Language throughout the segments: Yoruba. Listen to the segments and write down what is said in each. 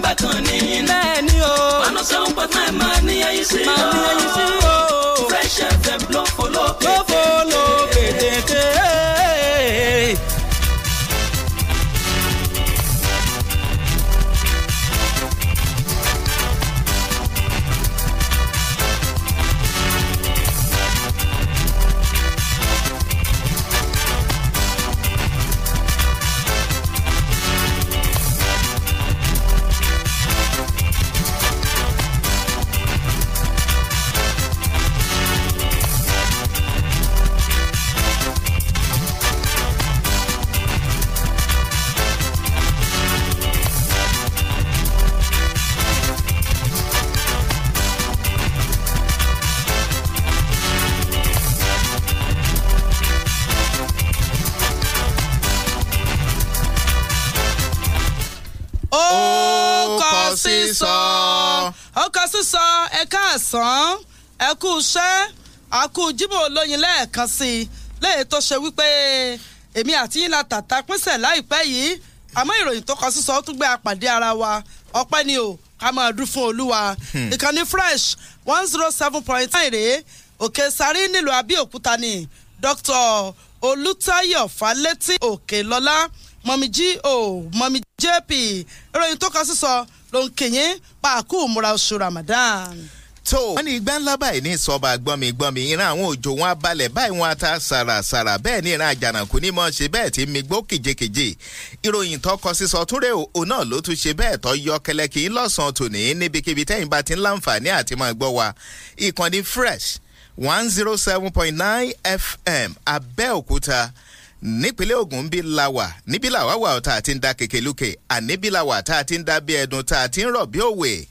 nọ́mbà kan ní. bẹ́ẹ̀ni o. one oh seven point nine máa ní ẹyin sí i. máa ní ẹyin sí i o. Fresh FM ló fò lókè. ló fò lókè. nǹkan sísọ ẹ káàsán ẹ kú iṣẹ́ àkú Jímọ̀ Olóyin lẹ́ẹ̀kan sí i léyìí tó ṣe wípé èmi àti yín la tàtà pínṣẹ̀ láìpẹ́ yìí àmọ́ ìròyìn tó kọ sísọ tún gbé apàdé ara wa ọpẹ́ ni o ká máa dún fún Olúwa hmm. ìkànnì fresh one zero oh seven point nine òkè sáré nílùú Abẹ́òkúta ni Dr. Olùtayọ̀ Fálétí Òkèlọ́lá. Okay, mọ̀mí G.O. mọ̀mí J.P. ìròyìn tó kọ sísọ ló ń kìyìn pàákù múra oṣù Ramadan tó. wọ́n ní igbá ńlá báyìí ní sọ́ba gbọ́mi gbọ́mi ìran àwọn òjò wọn abalẹ̀ báyìí wọn ata sàràsàrà bẹ́ẹ̀ ní ìran àjànàkú ní mọ́ ṣe bẹ́ẹ̀ tí mi gbó kìjekìje. ìròyìn tó kọ sísọ túrẹ́ òun náà ló tún ṣe bẹ́ẹ̀ tó yọ kẹlẹ́kì lọ́sàn-án tòní níbikíbi tẹ́yìn bá ti láǹfààní àti máa gbọ́ wa. ìkànnì fresh one zero seven point nine fm abẹ́òkúta nípínlẹ̀ Ògùn bí làwà níbí làwà wà tá a ti ń da kékelúkè àníbí làwà tá a ti ń da bí ẹdun tá a ti ń rọ̀ bí òwe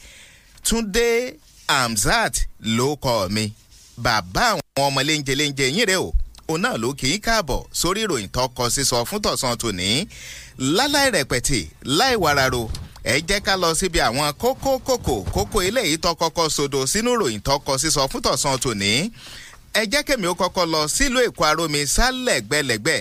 Túndé Hamzat ló kọ́ mi bàbá àwọn ọmọ léńjẹ léńjẹ yín rèé o òun náà ló kì í káàbọ̀ sórí ìròyìn tó kọ sísọ fún tọ̀sán tòní láláì rẹ̀pẹ̀tì láì wàràrò ẹ jẹ́ ká lọ síbi àwọn kókó kókó kókó eléyìí tó kọ́kọ́ sodo sínú ìròyìn tó kọ sísọ fún tọ̀sán tòní ẹ jẹ́ kèmí ó kọ́kọ́ lọ sílùú èkó arómi sálẹ̀gbẹ̀lẹ̀gbẹ̀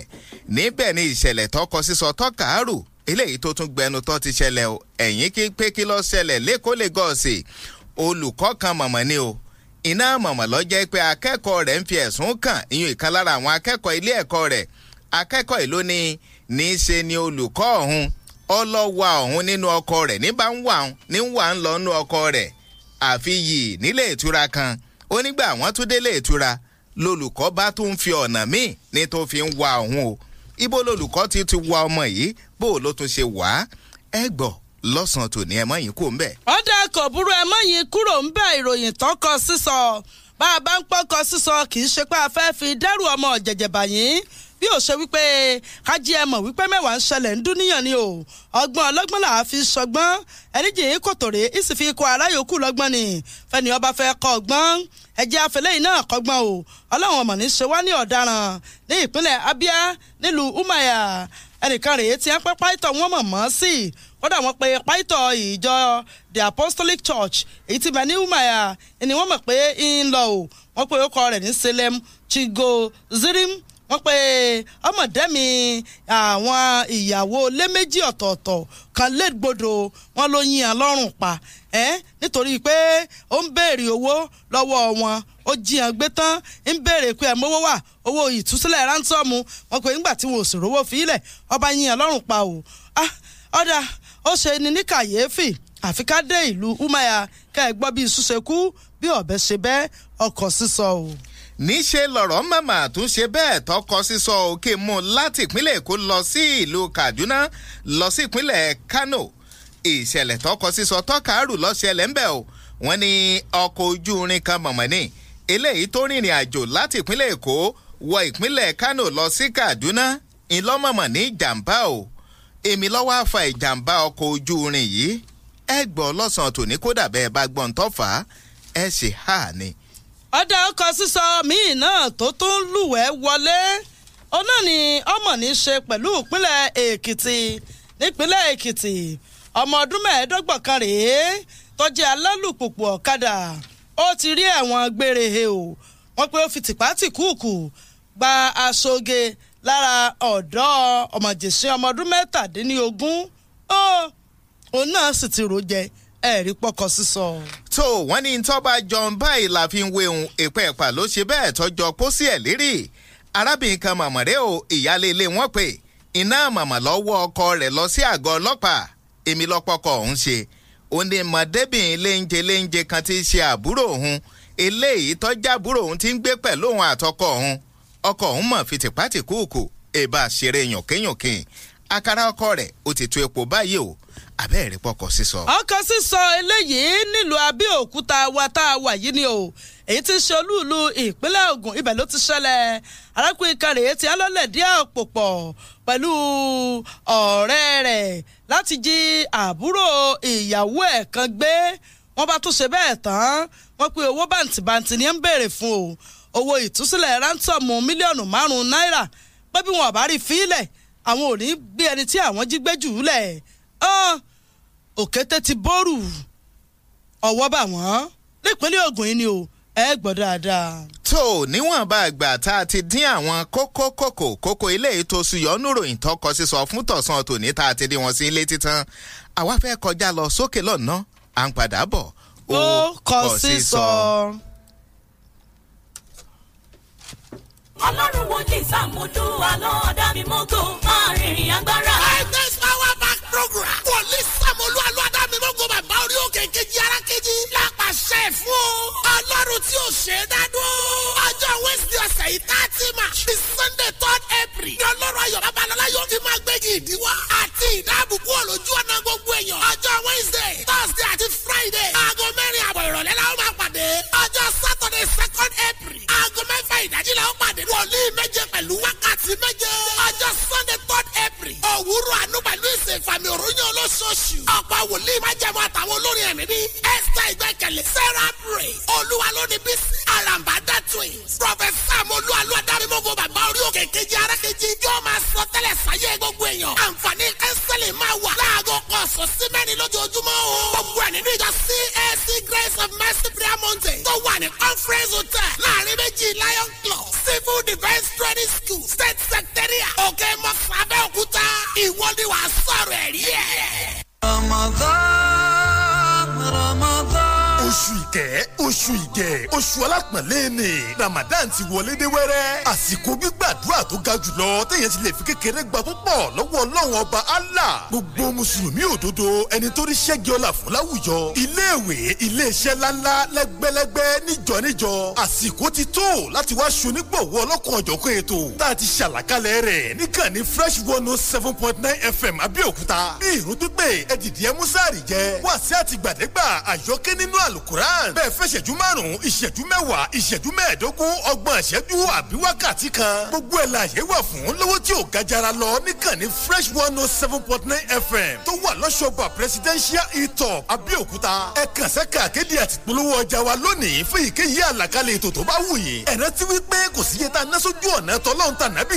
níbẹ̀ ni ìṣẹ̀lẹ̀ tọkọ sísọ tọkàárù eléyìí tó tún gbẹnu tó ti ṣẹlẹ̀ o ẹ̀yìn kí pé kí ló ṣẹlẹ̀ lẹ́kọ́ lẹ́gọ́ọ̀sì olùkọ́ kan mọ̀mọ́ ni o iná mọ̀mọ́ lọ jẹ́ pé akẹ́kọ̀ọ́ rẹ̀ ń fi ẹ̀sùn kàn ìyún ìkan lára àwọn akẹ́kọ̀ọ́ ilé ẹ̀kọ́ rẹ̀ akẹ́kọ̀ọ́ ìlú ni ní í ṣe ni olùkọ́ ọ̀hún ọlọ́wà ọ̀hún nínú ọkọ rẹ̀ ní bá ń wà ní wà ń lọ nínú ọkọ lolùkọ́ bá tún fi ọ̀nà míì ní tó fi ń wa òun o ibo lolùkọ́ ti ti wa ọmọ yìí bó ló tún ṣe wà á ẹ gbọ́ lọ́sàn-án tòní ẹ mọ́ yín kúrò ńbẹ̀. ọ̀dà kò burú ẹ mọ́ yín kúrò ńbẹ̀ ìròyìn tán kọ sísọ bá a bá ń pọ́kọ sísọ kì í ṣe pé a fẹ́ fi dẹ́rù ọmọ jẹ̀jẹ̀ báyìí bí ó ṣe wípé kájí ẹ mọ̀ wípé mẹ́wàá ń ṣẹlẹ̀ ń dúníyàn ni o ọgbọ́n ọlọ́gbọ́n là á fi ṣọgbọ́n ẹni kòtòrè ìsì fi kọ aláyòókù lọ́gbọ́n ni fẹ́ni ọba fẹ́ kọ́ ọgbọ́n ẹjẹ́ afẹ́lẹ́yìn náà kọ́gbọ́n o ọlọ́run ọmọ ní ṣe wá ní ọ̀daràn ní ìpínlẹ̀ Abia nílùú Umaya ẹnìkan rèé tí wọ́n pẹ́ pàìtọ̀ wọn mọ̀ mọ́ sí kódà wọ́n pe pàìtọ̀ ìjọ the Apostolic Church èyí tí bẹ ní Umaya ni wọ́n mọ̀ pé ń lọ o wọ́n pe orúkọ rẹ̀ ní Selem Chigo wọ́n pe ọmọdémi àwọn ìyàwó lé méjì ọ̀tọ̀ọ̀tọ̀ kan lẹ́gbọ̀dọ̀ wọn ló yin án lọ́rùn pa nítorí pé ó ń béèrè owó lọ́wọ́ wọn ó jiyàn gbé tán ń béèrè pé ẹ̀mọ́wó wà owó ìtúsílẹ̀ ránsọ́ọ̀mù wọn pé nígbà tí wọn ò sì rówó fílẹ̀ ọba yin án pa o ah, ọ̀dà ó ṣe ni ní kàyéfì àfi ká dé ìlú umaya ká ẹ gbọ́ bí iṣu ṣe kú bí ọ̀bẹ ṣe bẹ́ ọkọ̀ sísọ o níṣẹ́ lọ̀rọ̀ màmá tún ṣe bẹ́ẹ̀ tọkọ sísọ òkè mu láti ìpínlẹ̀ èkó lọ sí ìlú kaduna lọ sí ìpínlẹ̀ kano ìṣẹ̀lẹ̀ tọkọ sísọ tọkàárù lọ́ṣẹlẹ̀ ń bẹ̀ o wọ́n ní ọkọ̀ ojú irin kan mọ̀mọ́ ní eléyìí tó rìnrìn àjò láti ìpínlẹ̀ èkó wọ ìpínlẹ̀ kano lọ sí kaduna ìlọ́mọ̀mọ̀ ní ìjàmbá o èmi lọ́wọ́ àfa ìjàmbá ọkọ̀ ojú irin yìí ẹ gbọ́ lọ́sàn-án tòní kódà bẹ́ẹ̀ bá gbọ́n tọ́fà ẹ ṣe háà ni ọ̀dà ọkọ̀ sísọ míì náà tó tún lúwẹ̀ẹ́ wọlé ó náà ni ọmọ ní ṣe pẹ̀lú ìpínlẹ̀ èkìtì nípínlẹ̀ èkìtì ọmọ ọdún mẹ́ẹ̀ẹ́dọ́gbọ̀n kan rèé tó jẹ́ alálùpùpù ọ̀kadà ó ti rí ẹ̀wọ̀n gbére he o wọ́n pé ó fi tìpátìkúùkù gba aṣoge lára ọ̀dọ́ ọmọjèṣin ọmọ ọdún mẹ́tàdínlógún ó òun náà sì ti rò jẹ ẹ̀rí pọkọ sísọ tó wọ́n ní tọ́ba john báyìí la fi ń wéhun ìpẹ́ ẹ̀pà ló ṣe bẹ́ẹ̀ tọ́jọ́ pósí ẹ̀ lérì arábìnrin kan màmọ́rẹ́ o ìyáálé ilé wọn pè iná màmá lọ́wọ́ ọkọ rẹ̀ lọ sí àgọ́ ọlọ́pàá èmi lọ́pọ̀kọ̀ ọ̀hún ṣe ó ní mọ̀débìnrin léńjẹ léńjẹ kan ti ṣe àbúrò òun eléyìí tọ́jà àbúrò òun ti ń gbé pẹ̀lú òun àtọkọ òun ọkọ òun mọ̀ fi tìpátìkúùkù èbá ṣeré yànkínyànkín àkàrà ọkọ rẹ̀ ó ti tu epo báyìí o abẹ́ẹ̀rí pọkọ̀ sísọ. ọkọ̀ sísọ eléyìí nílùú Abẹ́òkúta wa tá a wà yìí ni o èyí tí ṣe olúùlú ìpínlẹ̀ Ògùn ibẹ̀ ló ti ṣẹlẹ̀ arákùnrin kan rèé tí alọ́lẹ̀ díẹ̀ pò pọ̀ pẹ̀lú ọ̀rẹ́ rẹ̀ láti jí àbúrò ìyàwó ẹ̀ kan gbé wọ́n bá tún ṣe bẹ́ẹ̀ tán wọ́n pe owó bàǹtìbàǹtì ni ń béèrè fún o owó ìtúsílẹ̀ rántọ̀mù mílíọ̀nù márùn-ún náírà pé bí wọn bá rí fílẹ̀ àwọn ò ní gbé ẹni tí àwọn jí gbé jù ú lẹ̀ ọ́n òkété ti bóòrù ọwọ́ bà wọ́n nípínlẹ̀ Ògùn yìí ni o ẹ gbọ́ dáadáa. tó níwọ̀nba àgbà tá a ti dín àwọn kókó kòkó kókó ilé ètò sùyọ́nù ròyìn tọkọ sísọ fún tọ̀sán tòní tá a ti dín wọn sí ilé títán àwa fẹ́ kọjá lọ sókè lọ́nà à ń padà bọ̀ ó kọ àlọ́ ọ̀dà mi máa rìnrìn agbára. って oṣù ìgẹ̀ oṣù alápọ̀nlé ni Ramadan ti wọlé dé wẹ́rẹ́ àsìkò gbígbàdúrà tó ga jùlọ téèyàn ti lè fi kékeré gba púpọ̀ lọ́wọ́ ọlọ́run ọba Allah gbogbo mùsùlùmí òdodo ẹni tó rí ṣẹ́gi ọlá fún láwùjọ iléèwé iléeṣẹ́ ńláńlá lẹ́gbẹ́lẹ́gbẹ́ níjọ níjọ àsìkò ti tó láti wá ṣonígbọ̀wọ́ ọlọ́kan ọ̀jọ̀kan ètò tá a ti ṣàlàkalẹ̀ rẹ̀ níkànnì fresh one oh seven point nine fm abẹ́òkúta bí ìrún pípé ẹ̀dìdì ẹ̀músàrì jẹ́ wàásù àtìgbàdégbà àyọkẹ́ nínú àlùkùrán bẹ́ẹ̀ fẹ́ ìṣẹ́jú márùn-ún ìṣẹ́jú mẹ́wàá ìṣẹ́jú mẹ́ẹ̀ẹ́dógún ọgbọ̀n ìṣẹ́jú àbí wákàtí kan gbogbo ẹ̀ la yẹ wà fún lówó tí ò ga jara lọ níkànnì fresh one oh seven point nine fm tó wà lọ́sọ̀gbà presidential etop abẹ́òkúta ẹ kàn sẹ́ka akéde àtìpolówó ọjà wa lónìí fún ìkéyìí àlàkalẹ̀ ètò tó bá wù yín ẹ rántí wípé kò sí yẹta násójú ọ̀nà tọ́lọ́run tànàbì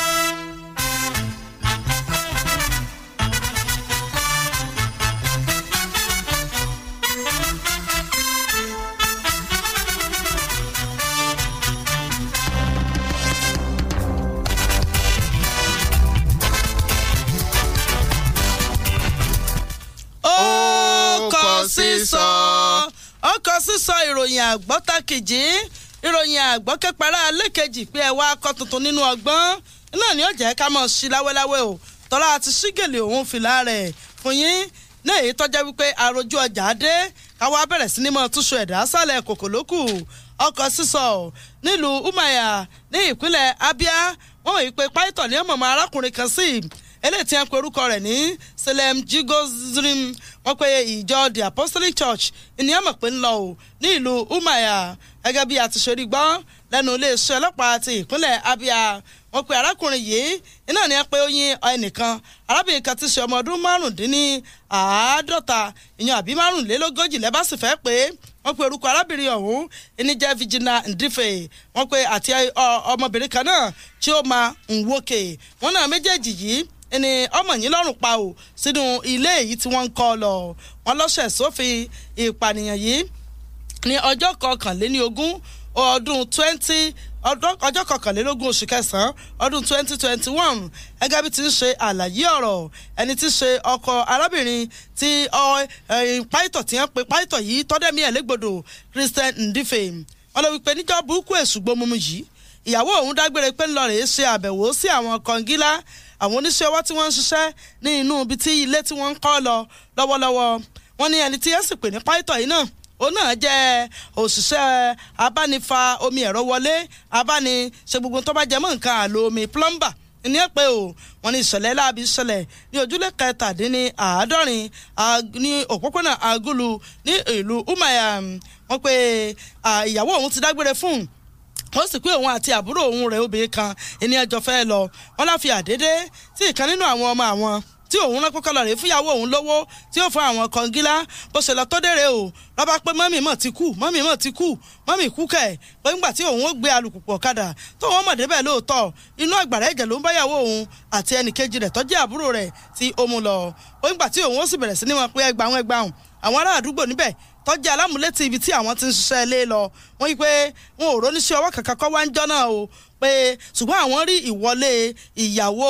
ó kọ sísọ ìròyìn àgbọ́tàkìjì ìròyìn àgbọ́kẹ́para lẹ́kẹ̀jì pé ẹ̀wà akọ tuntun nínú ọgbọ́n náà ni ó jẹ́ ká mọ̀ sí láwẹ́láwẹ́ o tọ́lá àti ṣígèlè òun fìlà rẹ̀ fún yín náà èyí tọ́jà wípé àròjù ọjà dé káwá bẹ̀rẹ̀ sí ni mọ̀ túṣu ẹ̀dá sálẹ̀ kòkò ọkọ̀ sísọ nílùú Umaya ní ìpínlẹ̀ Abia wọ́n wòye pé pàìtọ̀ ní ọmọ ọmọ arákùnrin kan sí eléyìí tí wọ́n pe orúkọ rẹ̀ ní selem jigozrim wọ́n pe ìjọ the apostolic church ní ẹ̀mọ̀ pé ń lọ o ní ìlú umaya gẹ́gẹ́ bí a ti ṣe rí gbọ́ lẹ́nu iléeṣẹ́ ọlọ́pàá ti ìpínlẹ̀ abia wọ́n pe arákùnrin yìí iná ni ẹ pé ó yin ẹnìkan arábìnrin kan ti ṣe ọmọ ọdún márùndínní àádọ́ta ìyẹn àbí márùnlélógójì lẹ́bàá sì fẹ́ pé wọ́n pe orúkọ arábìnrin ọ̀hún ẹnìjẹ́ virginia ndife wọ́n pe àti ọmọbìnrin kan náà tí ó máa ń wókè wọ́n náà méjèèjì yìí ni ọmọ yìí lọ́rùn pa ò sínú ilé èyí tí wọ́n ń kọ́ lọ wọn lọ́sẹ̀ sófin ìpànìyàn yìí ní ọjọ́ kọkànléní ogún ọdún twenty ọjọ́ kọkànlélógún oṣù kẹsàn-án ọdún twenty twenty one gẹ́gẹ́ bí ti ń ṣe àlàyé ọ̀rọ̀ ẹni ti ń ṣe ọkọ arábìnrin tí pàìtọ̀ tí wọ́n pe pàìtọ̀ yìí tọ́dẹ̀mí ẹ̀ légbodò Christian Ndife wọn lọ wípé níjọ́ burúkú èṣù gbómumu yìí ìyàwó òun dágbére pé ńlọrọ̀ yìí ṣe àbẹ̀wò sí àwọn kọ̀ǹgílá àwọn oníṣẹ́ ọwọ́ tí wọ́n ń ṣiṣẹ́ ní inú ibi tí ilé tí wọ́n ń kọ́ lọ lọ́wọ́lọ́wọ́ wọ́n ní ẹni tí ẹ sì pè ní pító yìí náà ó náà jẹ́ òṣìṣẹ́ abánifa omi ẹ̀rọ wọlé abáni ṣe gbogbo tó bá jẹ mọ́ nǹkan àlò omi plumber ní ẹ̀pẹ́ o wọ́n ní ìṣẹ̀lẹ̀ láabi ṣẹlẹ̀ ní ojúlé kẹtàdínní àádọ́rin ní òpópónà agulu ní ìlú umaya wọ́n pe ìyàwó òun ti dágbére fún un tó sì pé òun àti àbúrò òun rẹ̀ obìnrin kan ẹni ẹjọ́ fẹ́ lọ wọn láfi àdédé tí ìkan nínú àwọn ọmọ àwọn tí òun rán kọ́kọ́ lọ rè fúyàwó òun lówó tí ó fún àwọn kọ̀ǹgílá bó ṣe lọ tó dére o lọ́ba pé mọ́mì mọ̀ ti kú mọ́mì mọ̀ ti kú mọ́mì kú kẹ̀ pé ńgbà tí òun ó gbé alùpùpù ọ̀kadà tó wọ́n mọ̀ débẹ̀ lóòótọ́ inú àgbàrá ẹ̀jẹ̀ ló ń báyàwó òun àti ẹnì kejì rẹ̀ tó àbúrò rẹ̀ tí ó mú lọ ó ńgbà tí òun ó sì bẹ̀rẹ̀ sí ní wọn pé ẹgbàún ẹgbàún àwọn ará àdúgbò níbẹ̀ tọ́jú alámúlétì ibi tí àwọn ti ń ṣiṣẹ́ ilé lọ wọ́n yí pé wọn ò róníṣẹ́ ọwọ́ kankan kọ́ wá ń jọ́ náà o pé ṣùgbọ́n àwọn rí ìwọlé ìyàwó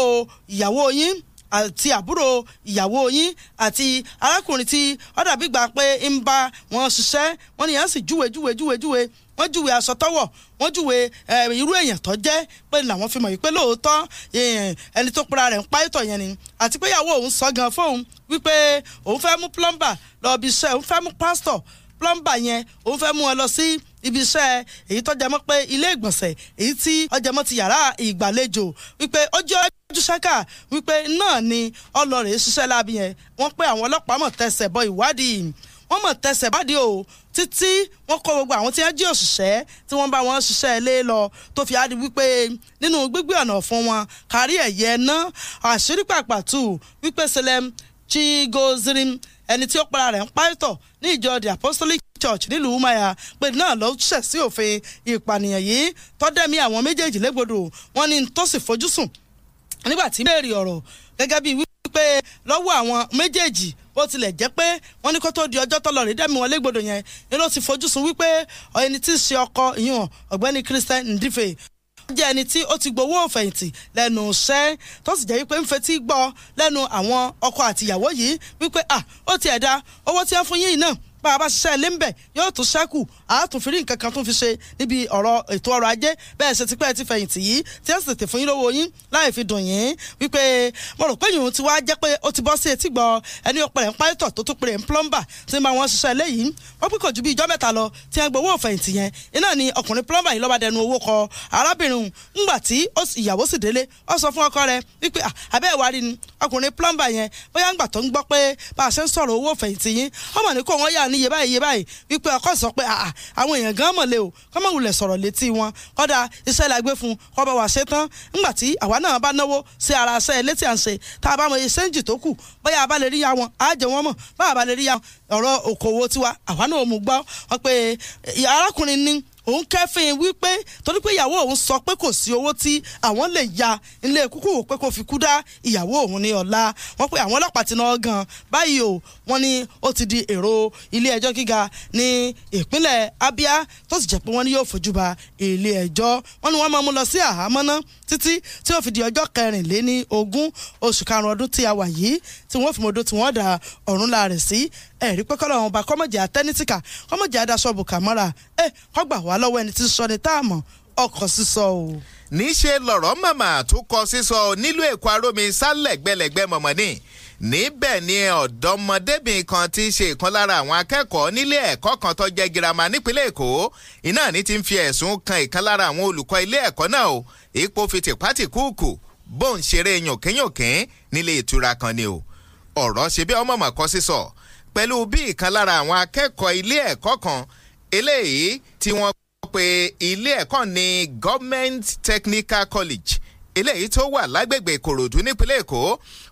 ìyàwó yín àti àbúrò ìyàwó yín àti arákùnrin tí ó dàbí gbà pé ń bá wọn ṣiṣẹ́ wọn nìyẹn sì júwe júwe júwe júwe wọ́n júwe aṣọ tọ́wọ̀ wọ́n júwe irú èèyàn tó jẹ́ pé làwọn fi mọ̀ yìí pé lóòótọ́ ẹni tó pera rẹ̀ ń páyọ̀tọ̀ yẹn ni àti pé ìyàwó òun sọ gan fóun wípé òun fẹ́ mú plumber lọ bí iṣẹ́ òun fẹ́ mú pastor plumber yẹn òun fẹ́ mú ẹ lọ sí ibi iṣẹ́ èyí tó jẹmọ́ pé ilé ìgbọ̀nsẹ̀ èyí tí ọjẹmọ́ ti yàrá ìgbàlejò wípé ojú ojú ṣáká wípé náà ni ọlọ́rẹ̀ ṣiṣẹ́ lábí yẹn wọ́n pé àwọn ọlọ́pàá mọ̀ tẹsẹ̀ bọ ìwádìí wọ́n mọ̀ tẹsẹ̀ bádìí o títí wọ́n kó gbogbo àwọn tí wọ́n jí òṣìṣẹ́ tí wọ́n bá wọn ṣiṣẹ́ ilé lọ tó fi adi wípé nínú gbígbé ọ̀nà fún wọn kárí ẹ̀yẹ ná àṣírí pàpàtù wípé selem chigozirim ẹni tí ó para rẹ̀ ń pàìtọ̀ ní ìjọ the apostolic church nílùú maya pé náà ló ṣẹ̀ sí òfin ìpànìyàn yìí tọ́dẹ̀mí àwọn méjèèjì légbodò wọn ni tó sì fojú sùn nígbà tí béèrè ọ̀rọ̀ gẹ́gẹ́ bíi pé lọ́wọ́ àwọn méjèèjì bó tilẹ̀ jẹ́ pé wọ́n ní kó tó di ọjọ́ tọ́lọ̀ rí dẹ́mi wọlé gbọdọ̀ yẹn ni ló ti fojú sùn wípé ẹni tí í ṣe ọkọ ìyún ọ̀gbẹ́ni Christian Ndife jẹ́ ẹni tí ó ti gbowó òfẹ̀yìntì lẹ́nu iṣẹ́ tó sì jẹ́ wípé ń fetí gbọ́ lẹ́nu àwọn ọkọ àtìyàwó yìí wípé ó ti ẹ̀dá owó tí wọ́n fún yín náà bá a bá ṣiṣẹ́ ilé yóò tún ṣẹ́kù a tún fi nǹkan kan tún fi ṣe níbi ọ̀rọ̀ ètò ọrọ̀ ajé bẹ́ẹ̀ ṣe tipẹ́ ti fẹ̀yìntì yìí tí ó sì tètè fún yín lówó yín láì fi dùn yín wípé mo rò pé yìnyín ti wá jẹ́ pé ó ti bọ́ sí etí gbọ́ ẹni ọ̀pẹ̀rẹ̀ ń pálítọ̀ tó tún pèrè ń plọ́mbà tí ma wọn ṣiṣẹ́ ilé wọ́n pín kò ju bí ijọ́ mẹ́ta lọ tí wọ́n gbowó fẹ̀yìntì yẹn iná ni ọkùnrin plọ́mbà yìí lọ́ba dẹnu owó kọ arábìnrin ńgbà tí ìyàwó sì délé ó sọ fún ọkọ rẹ̀ wípé àbẹ́ ìwárí ni ọkùnrin plọ́mbà yẹn bóyá ńgbà tó ń gbọ́ pé bá a ṣe ń sọ̀rọ̀ owó fẹ̀yìntì yín ọmọ ní kò wọ́n yà ní iye báyìí iye báyìí wípé ọkọ sọ pé àwọn èèyàn gan mọ̀lẹ́ o kọ́ wulẹ̀ sọ̀rọ̀ létí wọn kọ́dà iṣẹ́ la gbé fún kọ́ bá wà ṣe tán ńgbà tí àwa náà bá náwó sí ara ṣe ilé à ń ṣe tá a bá mọ iṣẹ́ ń jì tó kù bóyá a bá lè rí ya wọn á jẹ wọn mọ̀ bá a bá lè rí ya ọ̀rọ̀ òkòwò tiwa àwa náà mú gbọ́ wọn pé arákùnrin ní òun kẹ́fìn wípé torí pé ìyàwó òun sọ pé kò sí owó tí àwọn lè ya ilé kúkú wò pé kò fi kú dá ìyàwó òun ní ọ̀la wọ́n pe àwọn ọlọ́pàá ti náà gan báyìí o wọ́n ní ó ti di èrò ilé ẹjọ́ gíga ní ìpínlẹ̀ Abia tó sì jẹ́ pé wọ́n ní yóò fojú ba ilé ẹjọ́ wọ́n ní wọ́n máa mú lọ sí àhámọ́ ná títí tí ó fi di ọjọ́ kẹrìnléní ogún oṣù karùn-ún ọdún tí a wà yìí tí wọ́n fi mọ̀ọ́dún tí wọ́n dà ọ̀run la rẹ̀ sí ẹ̀rí pé àwọn ọba kọ́mọ̀jà tẹ́nítìkà kọ́mọ̀jà daṣọ́bù kàmọ́ra ẹ̀ kọ́gbà w wá lọ́wọ́ ẹni tí ń sọ ni tá a mọ̀ ọkọ̀ sísọ o. níṣẹ́ lọ̀rọ̀ màmá tó kọ sísọ nílùú èkó arómi sálẹ̀ gbẹlẹ̀gbẹ́ mọ̀mọ́ ni níbẹ̀ ni ọ̀dọ́mọdébìnrin kan ti ṣe ìkan lára àwọn akẹ́kọ̀ọ́ nílé ẹ̀kọ́ kan tó jẹ́ girama nípínlẹ̀ èkó iná ní ti ń fi ẹ̀sùn kan ìkan lára àwọn olùkọ́ ilé ẹ̀kọ́ náà o ipò fi tìpátìkúùkù bó ń ṣeré yànkínyànkín nílé ìtura kan ni o ọ̀rọ̀ ṣe bí ọmọ màkọ́ sísọ pẹ̀lú bí ìkan lára àwọn akẹ́kọ̀ọ́ ilé ẹ̀kọ́ kan eléyìí tí wọ́n pé ilé ẹ̀kọ́ ni government technical college eléyìí tó wà lágbègbè ìkòròdú nípínlẹ̀ èkó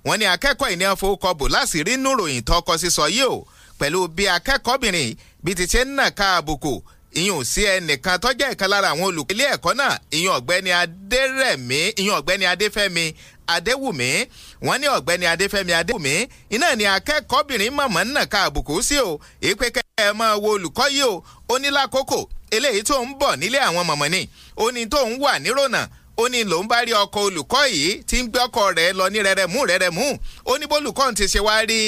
wọn ni akẹ́kọ̀ọ́ ìní àfọwọ́kọ bò láṣìírí nùròyìn tọkọ sísọ yìí o pẹ̀lú bí akẹ́kọ̀ọ́bìnrin bí ti ṣe ń nà ká àbùkù sí ẹnìkan tọ́jà ìkan lára àwọn olùkọ́ ilé ẹ̀kọ́ náà ọ̀gbẹ́ni adérẹ̀mí ọ̀gbẹ́ni adéfẹ́mi adéwùmí ọ̀gbẹ́ni adéfẹ́mi adéwùmí iná ni akẹ́kọ̀ọ́bìnrin mọ̀mọ́ nà o o eléyìí tó ń bọ̀ nílé àwọn mọ̀mọ́ ni ó ní tó ń wà nírònà ó ní lòun bá rí ọkọ olùkọ́ yìí tí ń gbé ọkọ rẹ̀ lọ ní rẹ̀rẹ̀mú rẹ̀rẹ̀mú ó ní bólùkọ́ ti ṣe wá rí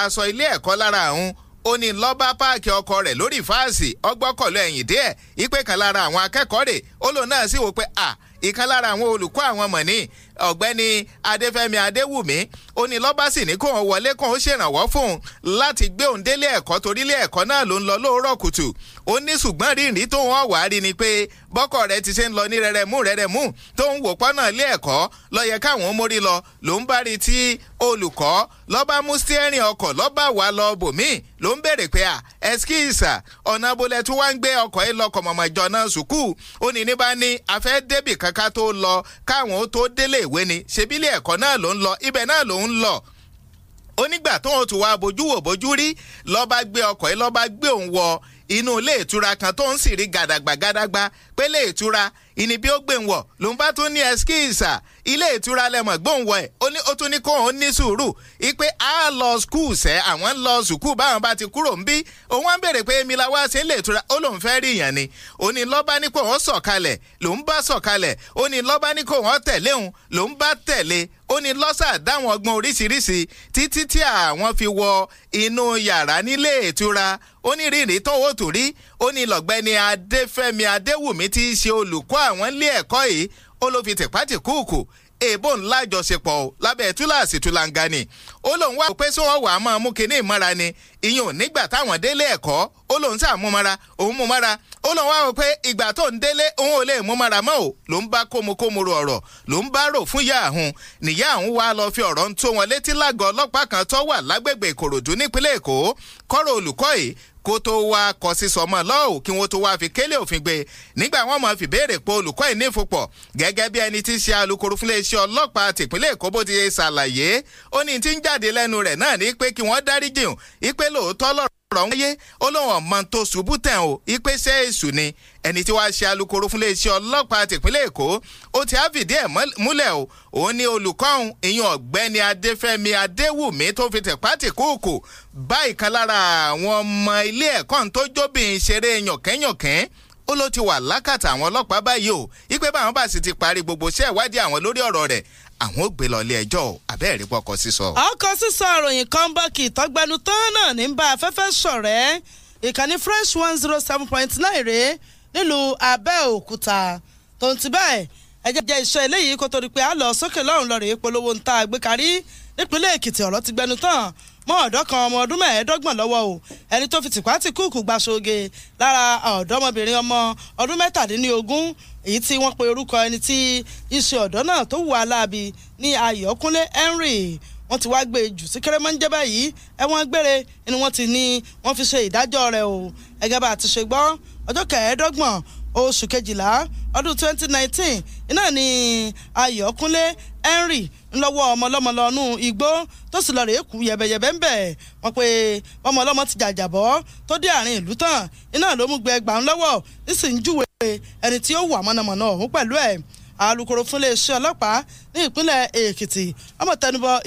aṣọ ilé ẹ̀kọ́ lára àwọn ó ní lọ́ba páàkì ọkọ rẹ̀ lórí fáàsì ọgbọ́kọ̀lọ́ ẹ̀yìn díẹ̀ ìpè kan lára àwọn akẹ́kọ̀ọ́ rẹ̀ ó lòun náà sì wò pé à ìkan lára àwọn olùkọ́ àwọn mọ̀ ni ọ̀gbẹ́ni adéfẹ́mi adéwùmí ó ní lọ́ba sì ní kóun wọlé kóun ṣèrànwọ́ fóun láti gbé òun délé ẹ̀kọ́ torí ilé ẹ̀kọ́ náà ló ń lọ lóòrọ̀ kùtù ó ní ṣùgbọ́n rírì tóun ọ̀wá rí ni pé bọ́kọ̀ rẹ ti ṣe ń lọ ní rẹ̀rẹ̀mú rẹ̀rẹ̀mú tóun wò pọ́nà ilé ẹ̀kọ́ lọ́yẹ káwọn mórí lọ ló ń bá rí tí olùkọ́ lọ́ba mú stẹ́rìn ọkọ̀ lọ́ba wà lọ bòmí ló ń béèrè pé à ẹskíìsà ọ̀nà abolẹ̀ tí wọ́n ń gbé ọkọ̀ yìí lọkọ̀ mọ̀mọ́ ìjọ náà sùkúù ó ní ní bá ní afẹ́ débì kankan tó lọ káwọn ó tó délé iléèwé ni ṣebí ilé ẹ̀kọ́ náà ló ń lọ ibẹ̀ náà ló ń lọ onígbà tóun ti wá bojú wò bojú rí lọ́ba gbé ọkọ̀ yìí lọ́ba gbé òun wọ inú ilé ìtura kan tó ń sì rí gàdàgbà gàdàgbà pé ilé ìtura ìní bí ó gbé ń wọ̀ lòun bá tún ní ẹskíìsà ilé ìtura lẹ́mọ̀ gbóhùnwọ̀ ẹ̀ ó ní ó tún ní kóhùn ó ní sùúrù ipe a lọ skul sẹ́ àwọn lọ sùkúù báwọn bá ti kúrò ń bí òun á béèrè pé èmi la wá sí ilé ìtura ó lòun fẹ́ rí ìyàn ni ó ní lọ́ba ní kóhùn sọ̀kalẹ̀ lòun bá sọ̀kalẹ̀ ó ní lọ́ba ní kóhùn tẹ̀lé òun lòun bá tẹ̀lé ó ní lọ́sà dáwọn ọgbọ́n oríṣiríṣi títí tí àwọn fi wọ inú yàrá nílé ìtura ó ní rírì tówó tó rí ó ní lọ́gbẹ́ni adéfẹ́mi adéwùmí tí ṣe olùkọ́ àwọn ilé ẹ̀kọ́ yìí ó ló fi tìpátìkúùkù èèbò ńlá àjọṣepọ̀ o lábẹ́ túláàsì túlangani ó lóun wá pé sí wọn wà á máa mú kinní ìmọ́ra ni ìyẹn ò nígbà táwọn délé ẹ̀kọ́ ó lóun sá mú mọ́ra òun mú mọ́ra ó lóun wá pé ìgbà tó ń délé òun ò lè mú mọ́ra mọ́ o ló ń bá kómokómoro ọ̀rọ̀ ló ń bá rò fún ìyá àhún nìyá àhún wá lọ fi ọ̀rọ̀ ń tó wọn létí lágọ̀ọ́ ọlọ́pàá kan tó wà lágbègbè ìkòròdú nípínlẹ̀ èkó kọ́rọ̀ olùkọ́ yìí kó tó wá kọ sísọ mọ́ lọ́wọ́ kí wọ́n tó wá fi kélé òfin gbé nígbà wọn mọ̀ fi béèrè pé olùkọ́ yìí nífòpọ̀ gẹ́gẹ́ bí ẹni tí í ṣe alukoro fún iléeṣẹ́ ọlọ́pàá tìpínlẹ̀ Èkó bó ti ṣàlàyé ó ní ti ń jáde lẹ́nu rẹ̀ náà ní pé kí wọ́n dáríjìn ìpè lóòótọ́ lọ́rọ̀ ọ̀rọ̀ ń wáyé ó lóun ọ̀mọ́ tó ṣubú tẹ̀ o ipe ṣe èṣù ni ẹni tí wàá ṣe alukoro fún iléeṣẹ́ ọlọ́pàá tìpínlẹ̀ Èkó ó ti áfìdí ẹ̀ múlẹ̀ o òun ni olùkọ́ ọ̀hún ìyẹn ọ̀gbẹ́ni Adéfẹ́mi Adéwùmí tó fi tẹ̀pá tìkúùkù bá ìkan lára àwọn ọmọ ilé ẹ̀kọ́ tó jóbìn ṣeré yànkẹ́yànkẹ́ ó ló ti wà lákàtà àwọn ọlọ́pàá báyìí o ipe báwọn bá sì ti parí gbogbo iṣẹ́ ìwádìí àwọn lórí ọ̀rọ̀ rẹ̀ àwọn ò gbé lọ ilé ẹjọ́ àbẹ́ẹ̀rí pọkọ sísọ. ọkọ sísọ ìròyìn kan bọ́ kì í tọ́gbẹ́nu tán náà ní bá afẹ́fẹ́ sọ̀rẹ́ ìkànnì fresh one zero seven point nine rèé nílùú abẹ́òkúta tó ń ti bẹ́ẹ̀ ẹjẹ́ jẹ́ iṣẹ́ eléyìí kó torí pé a lọ sókè lọ́run lọ rèé polówó ń ta àgbékarí nípínlẹ̀ èkìtì ọ̀rọ̀ ti gbẹnu tán mọ́ ọ̀dọ́ kan ọmọ ọdún mẹ́ẹ̀ẹ́dọ́gbọ̀n lọ́wọ́ o ẹni tó fi tìpá tìkúùkù gbaṣoge lára ọ̀dọ́mọbìnrin ọmọ ọdún mẹ́tàdínlógún èyí tí wọ́n pe orúkọ ẹni tí iṣẹ́ ọ̀dọ́ náà tó wù aláàbí ní ayọ̀kúnlé henry wọ́n ti wá gbé jù sí kẹrẹmọ́njẹ́ báyìí ẹ̀wọ̀n gbére ni wọ́n ti ní wọ́n fi ṣe ìdájọ́ rẹ̀ o ẹ̀gẹ́ bá a ti ṣe gbọ́ ọjọ́ kẹẹ̀ẹ́dọ́gbọ̀n oṣù kejìlá ọdún twenty nineteen iná ni ayọ̀kúnlé henry ńlọ́wọ́ ọmọlọ́mọ lọ́nú igbó tó sì lọ rèé kú yẹ̀bẹ̀yẹ̀bẹ̀ ńbẹ̀ wọ́n pe ọmọlọ́mọ ti jàjàbọ́ tó dé àárín ìlú tán iná ló mú gbẹ gbà ńlọ́wọ́ ń sì ń júwe ẹni tí ó wà mọ̀nàmọ̀nà ọ̀hún pẹ̀lú ẹ̀ alūkkóró fún iléeṣẹ́ ọlọ́pàá ní ìpínlẹ̀ èkìtì ọmọ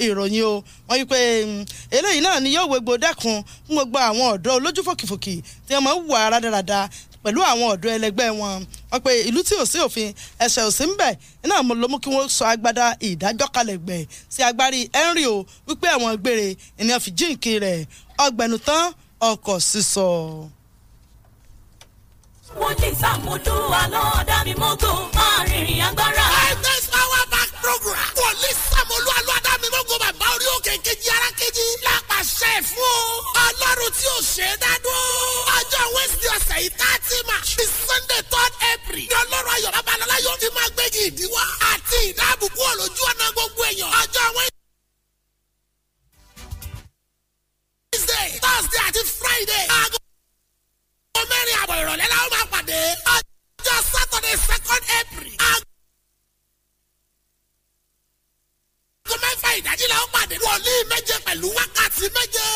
ìròyìn o wọ́n yí pé hmm, eléyìí náà ni yóò wégbó dẹ́kun fún gbogbo àwọn ọ̀dọ́ olójú fòkìfòkì tí wọ́n máa ń wà rádaràda pẹ̀lú àwọn ọ̀dọ́ ẹlẹgbẹ́ wọn wọ́n pe ìlú tí ò sí òfin ẹ̀ṣẹ̀ ò sí ń bẹ iná ló mú kí wọ́n sọ agbada ìdájọ́ kalẹ̀ gbẹ̀ sí agbárí Henry o wípé ẹ̀wọ̀n gbére ènìyàn fi jíǹkì rẹ̀ ọgbẹ̀nùtán ọkọ̀ sísọ. wọ́n lè sàmúdú àlọ́ ọ̀dà mi mọ́tò máa rìnrìn agbára. ẹgbẹ́ power back program. wọ́n lè sàmúlú àlọ́ ọ̀dà mi mọ́tò bàbá orí òkè kejì ara kejì. lápàṣẹ fún ọ ọjọ́ wẹ́sìdì ọ̀sẹ̀ yìí thirty march ti sunday third april ní ọlọ́run ayọ̀ babalọ́lá yóò fi máa gbégi ìdíwọ́ àti ìdáàbòbò olójú ọ̀nà gbogbo èèyàn ọjọ́ wẹ́sìdì. wednesday thursday àti friday aago mẹ́rin àbọ̀ ìrọ̀lẹ́ la ó máa pàdé ọjọ́ saturday second april aago. aago mẹ́fà ìdájí la ó pàdé wòlíì méje pẹ̀lú wákàtí méje.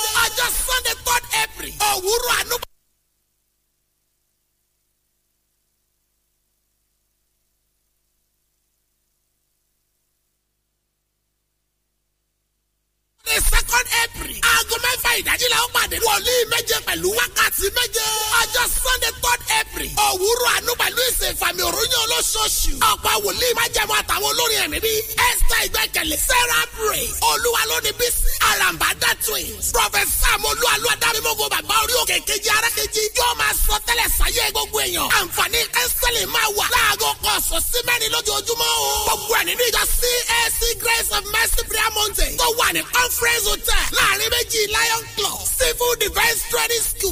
méje pẹ̀lú wákàtí méje. lóṣooṣù. ọ̀pọ̀ wòlíì máa jẹ́ mọ́ àtàwọn olórin ẹ̀mí bí. esther ìgbẹ́kẹ̀lé sarah bray olúwa lónìí bísí arambada twins. prophet sam olúwalú adárímọ́gbọ́ bàbá orí òkè kejì arákejì yóò máa sọ tẹ́lẹ̀ sáyé gbogbo èèyàn. àǹfààní kẹ́sẹ̀lì máa wà láago kan ọ̀sán sí mẹ́rin lójoojúmọ́ o. gbogbo ẹ̀ nínú ìjọ CAC grace of mercy prayer mountain tó wà ní conference hotel láàrin méjì lion club civil defence training school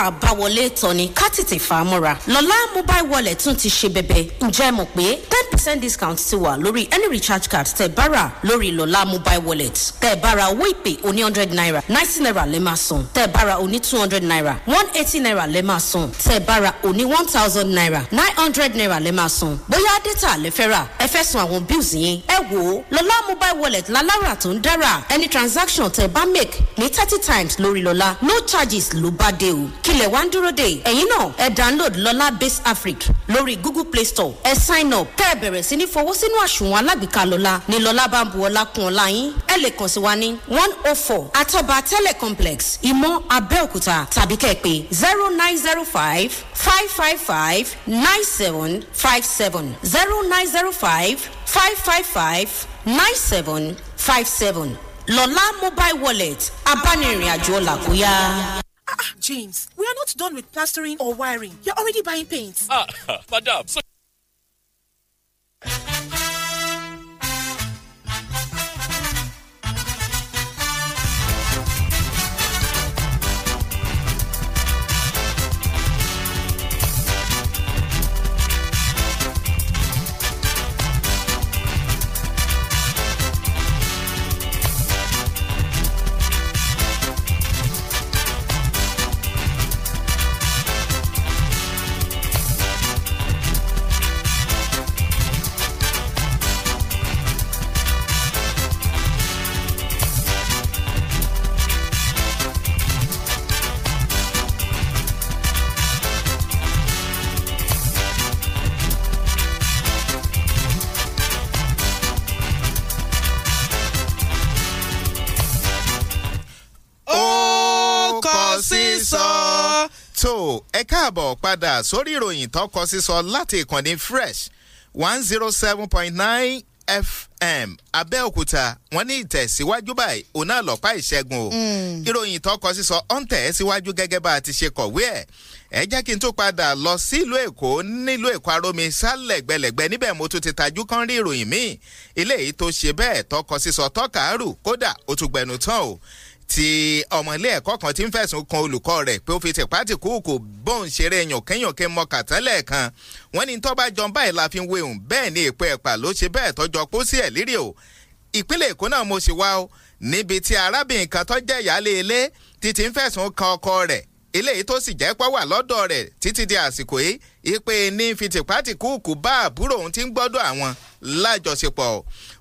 rà bá wọlé tọ̀ ni ká tètè fà á mọ́ra lọ́lá mobile wallet tún ti ṣe bẹ̀bẹ̀ ǹjẹ́ mọ̀ pé ten percent discount ti wa lórí any recharge card tẹ bára lórí lola mobile wallet tẹ bára owó ìpè oní hundred naira ninety naira lẹ́ máa san tẹ bára oní two hundred naira one eighty naira lẹ́ máa san tẹ bára oní one thousand naira nine hundred naira lẹ́ máa san bóyá data lẹ́ fẹ́ rà ẹ fẹ́ san àwọn bills yín ẹ wò ó lọ́lá mobile wallet lálára tó ń dára any transaction tẹ bá make ní thirty times lórí lola. no charges ló bá dé o kílẹ̀ wá ń dúró dé ẹ̀yin náà ẹ download lola base africa lórí google play store ẹ sign up tẹ́ẹ̀bẹ̀ bẹ̀rẹ̀ sí ní fowó sínú àsùnwọ̀n alágbèéká lọ́la ní lọ́la bá ń bu ọlá kún ọlá yín ẹ lè kàn sí wa ní one oh four atọ́ba telecomplex ìmọ̀ abẹ́òkúta tàbí kẹ́ẹ̀pẹ́ zero nine zero five five five five nine seven five seven zero nine zero five five five five nine seven five seven lọ́la mobile wallet abánirìnàjò làkúyà. Ah, James, we are not done with plastering or wiring. You're already buying paints. Ah, madam, so ẹ káàbọ̀ padà sórí ìròyìn tó kọ sísọ láti ìkànnì fresh one zero oh seven point nine fm abẹ́òkúta wọ́n ní ìtẹ̀síwájú báyìí òun náà lọ́pàá ìṣẹ́gun o hmm. ìròyìn tó kọ sísọ ọ̀ ń tẹ̀ ẹ́ síwájú gẹ́gẹ́ bá a ti ṣe kọ̀wé ẹ̀ ẹ jẹ́ kí n tó padà lọ sílùú èkó nílùú èkó arómi sálẹ̀gbẹ̀lẹ̀gbẹ̀ níbẹ̀ mo tún ti tajú kán rí ìròyìn míì eléyìí tó ṣe bẹ́ẹ̀ tọkọ sísọ tọkàárù kódà ó tún gbẹnu tán o tí ọmọ ilé ẹ̀kọ́ kan ti ń fẹ̀sùn kan olùkọ́ rẹ̀ pé ó fi tìpátì kúùkù bóun ṣeré yànkẹ́yànkẹ́ mọ́kà tẹ́lẹ̀ kan wọ́n ní tọ́ba jọun báyìí la fi ń wéhùn bẹ́ẹ̀ ni èpè ẹ̀pà ló ṣe bẹ́ẹ̀ tọ́jọ́ pósí ẹ̀ lírí o ìpínlẹ̀ èkó náà mo ṣe wá o níbi tí arábìnrin kan tó jẹ́ ìyáálé ilé ti ti ń fẹ̀sùn kan ọkọ rẹ̀ eléyìí tó sì jẹ́ pọ́ wà lọ́dọ̀ rẹ̀ títí di àsìkò yìí ìpè ní fìtìpátì kúùkù bá àbúrò òun ti ń gbọ́dọ̀ àwọn lájọṣepọ̀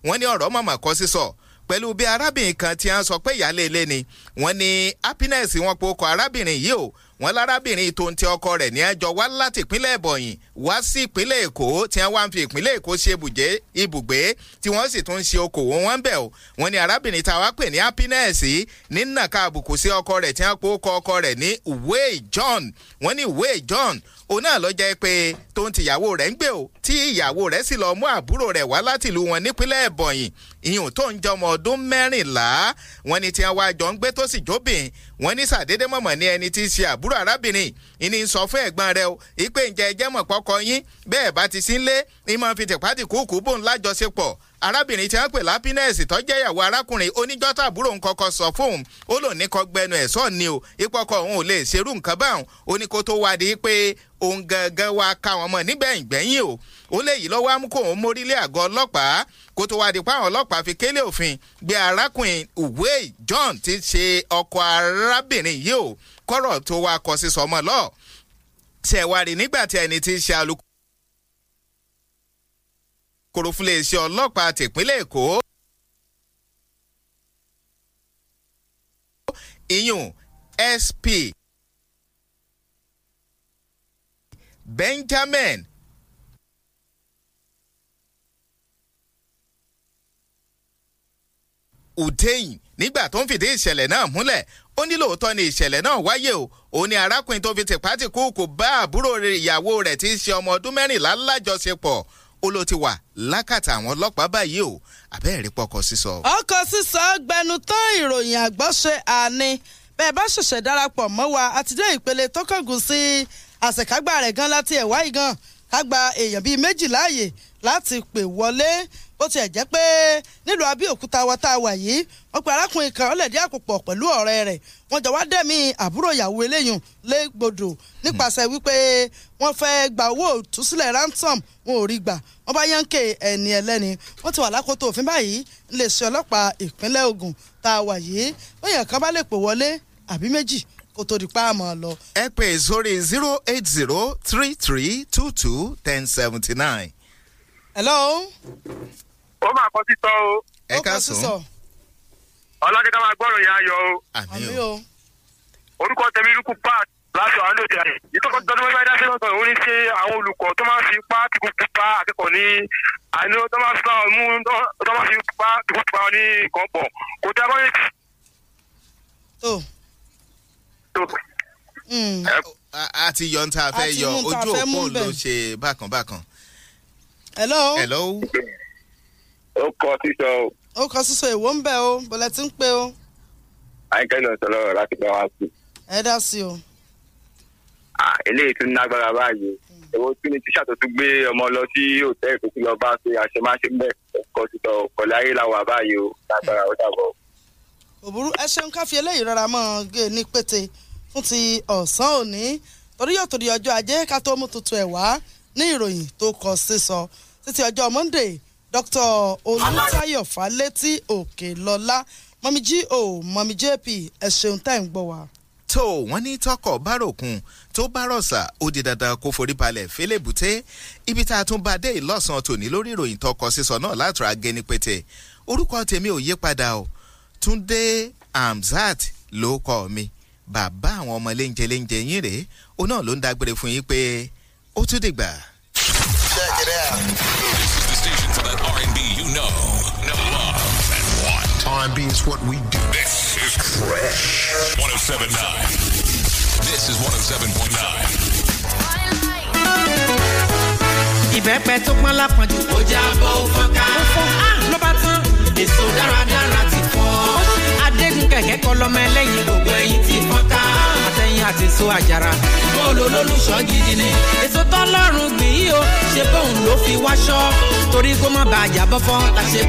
wọ́n ní ọ̀rọ̀ mọ̀mọ́ sísọ so pẹ̀lú bí arábìnrin kan tí wọ́n sọ pé ìyáálé ilé ni wọ́n ní happiness wọn po ọkọ̀ arábìnrin yìí o wọ́n lárábìnrin tó ń tẹ ọkọ rẹ̀ ní ẹjọ́ wá láti ìpínlẹ̀ Ebonyi wá sí ìpínlẹ̀ Èkó tí wọ́n wá ń fi ìpínlẹ̀ Èkó ṣe ibùgbé tí wọ́n sì tún ń ṣe okòwò wọn bẹ̀ o wọ́n ní arábìnrin tá a wá pè ní happiness ní nàka àbùkù sí ọkọ rẹ̀ tí wọ́n po ọkọ rẹ̀ ní Uwe John wọ́n ní Uwe John òun náà ló jẹ́ pé tóun tìyàwó rẹ̀ ń gbé o tí ìyàwó rẹ̀ sì lọ mú àbúrò rẹ̀ wá láti ìlú wọn nípínlẹ̀ ẹ̀bọ̀nyìn ìyún tó ń jẹ́ ọmọ ọdún mẹ́rìnlá wọ́n ní tí wọ́n wá jọ ń gbé tó sì jóbìn wọ́n ní sàdédé mọ̀mọ́ ní ẹni tí í ṣe àbúrò arábìnrin ìní sọ fún ẹ̀gbọ́n rẹ̀ o ìpè ǹjẹ́ ẹjẹ́ mọ̀ pọ́kọ yín bẹ́ẹ̀ bá ti sí ń lé ìmọ̀ fi tìpátìkúùkù bò ń lájọṣepọ̀ arábìnrin tí wọ́n pè lápínẹ́ẹ̀sì tó jẹ́ ìyàwó arákùnrin oníjọ́tà àbúrò ń kọ́kọ́ sọ fóun ó lò ní kọgbẹnu ẹ̀ sọ́ọ̀ ni o ìpọkọ̀ òun ò lè ṣerú nǹkan báwọn ó ní kó tó wádìí pé òun gangan wá ká wọn mọ̀ nígbẹ̀yìn gbẹ̀yìn o ó lè yìí lọ́wọ́ amúkò òun mórílé àgọ́ ọlọ́pàá kó tó pa àwọn ọlọ́pàá fi kélé òfin gbé arákùnrin Uwei John ti ṣe ọkọ arábìnrin yìí o kọ́rọ̀ tó wá kọ sísọ ọmọ lọ́ọ̀ ṣẹ̀wárí nígbà tí ẹni ti ṣe alukó alūkkóró fúnléeṣẹ́ ọlọ́pàá tìpínlẹ̀ Èkó iyun SP Benjamin Udeyin nígbà tó ń fìdí ìṣẹ̀lẹ̀ náà múlẹ̀ ó ní lóòótọ́ ni ìṣẹ̀lẹ̀ náà wáyé o ó ní arákùnrin tó fi tìpátìkú kò bá àbúrò rẹ̀ ìyàwó rẹ̀ tí í ṣe ọmọ ọdún mẹ́rìnlá lájọṣepọ̀ kó ló ti wà lákàtà àwọn ọlọ́pàá báyìí o àbẹ́ẹ̀rí pọkọ sísọ. ọkọ̀ sísọ gbẹnu tán ìròyìn àgbọ́ṣe àní bẹ́ẹ̀ bá ṣẹ̀ṣẹ̀ darapọ̀ mọ́ wa àti dé ìpele tó kángun sí àṣekágbá rẹ̀ gan láti ẹ̀wá yìí gan ká èèyàn bíi méjì láàyè láti pè wọlé bó tiẹ̀ jẹ́ pé nílùú Abẹ́òkúta wa tá a wà yìí wọ́n arákùnrin kan ọlẹ́dí àkùpọ̀ pẹ̀lú ọ̀rẹ́ rẹ̀ wọ́n jọ wá dẹ̀mí àbúrò ìyàwó eléyùn légbodò nípasẹ̀ wípé wọ́n fẹ́ gba owó òtúsílẹ̀ ransom wọn ò rí gbà wọ́n bá yànkè ẹni ẹlẹ́ni wọ́n ti wà lákòótó òfin báyìí iléeṣẹ́ ọlọ́pàá ìpínlẹ̀ Ògùn tá a wà yìí bóyá kan bá lè pè wọlé àbí méjì kó tó di páàmù lọ. ẹ pè sórí zero eight zero three three two two ten seventy nine. hello ó máa kọ sísọ o. ẹ ká sùn. ọlọ́dẹ ká máa gbọ́rọ̀ yẹn ayọ̀ o. àmín o. orúkọ tẹ̀mí lukú pat láti ọ̀hánú òde àyè ìtọ́kọ̀ tó tọ́jú báyìí dáṣẹ́ lọ́sọ̀rọ̀ ó ní ṣe àwọn olùkọ́ tó máa fi pa tìkúkú pa akẹ́kọ̀ọ́ ní àìní tó máa fi pa ọ̀mú tó máa fi pa tìkúkú pa ní kọ̀ọ̀pọ̀ kò dá bọ́yìí. tó hmm. a ti yọ níta fẹ́ yọ ojú òpó ló ṣe bákan bákan. hello. hello ó kọ sísọ o. ó kọ sísọ èwo ń bẹ o bọ̀lẹ̀ tí ń pé o. àyíkẹ́ náà sọ lọ́rọ̀ láti bá wa sí. ẹ dá sí o. eléyìí tún lágbára báyìí hmm. èwo tún ni tíṣà tó tún gbé ọmọ lọ sí òtẹ́ẹ̀lì tó tún lọ bá ṣe àṣemáṣe bẹ́ẹ̀ kọ sísọ kọ̀lẹ́ ayé la wà báyìí o lágbára ó dàbọ̀. òbúrú ẹ ṣeun ká fi eléyìí rárá mọ́ ọ gé ní pété fún ti ọ̀sán òní torí yóò torí ọjọ́ ajé ká tó mú tuntun ẹ̀ wá ní ìròyìn tó kọ sísọ títí ọjọ́ Monday dr olùtayọ̀ fálétí òkèlọ́lá mọ̀mí g.o. mọ̀mí jp ẹ̀ ṣeun tá ẹ̀ ń gbọ́ wa. tó wọ́n ní tọkọ̀ bá ròkun tó bá rọ̀ṣà ó di dandan kó forí balẹ̀ fẹlẹ́bùté ibi tá a tún bá dé ìlọ́sàn tòní lórí ìròyìn tọkọ sísọ náà látara gẹni pété orúkọ tèmi ò yí padà o túndé amzat ló kọ mi bàbá àwọn ọmọ léńjẹ léńjẹ yín rèé òun náà ló ń dágbére fún yín pé ó tún dìgbà. This is the station for that R&B you know, know, love, and want. R&B is what we do. This is Fresh. 107.9. This is 107.9. Ìbẹ́pẹ tó pọ́n lápọ̀jù. bọ́ Ó fọ́n á ló bá tán. Èso dáradára ti fọ́. Adégún kẹ̀kẹ́ kọ́ lọ́mọ ẹlẹ́yin. Gbogbo ẹyin ti àti so àjàrà. bóòlù olólùṣọ́ gidi ni. èso tọ́lọ́run gbìn yìí o ṣe bóun ló fi wáṣọ torí kó má bàa jà bọ́fọ́ la ṣe.